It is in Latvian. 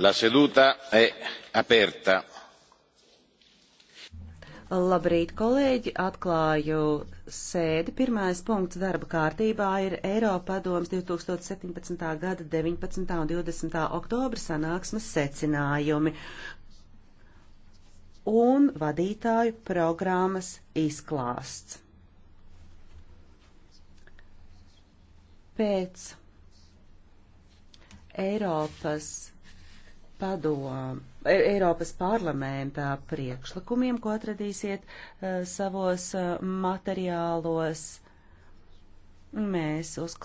La seduta è aperta. Labrīt, kolēģi! Atklāju sēdi. Pirmais punkts darba kārtībā ir Eiropadoms 2017. gada 19. un 20. oktobra sanāksmes secinājumi un vadītāju programmas izklāsts. Pēc Eiropas padom, e-, Eiropas parlamentā priekšlikumiem, ko atradīsiet e, savos e, materiālos. Mēs uzklausīsim.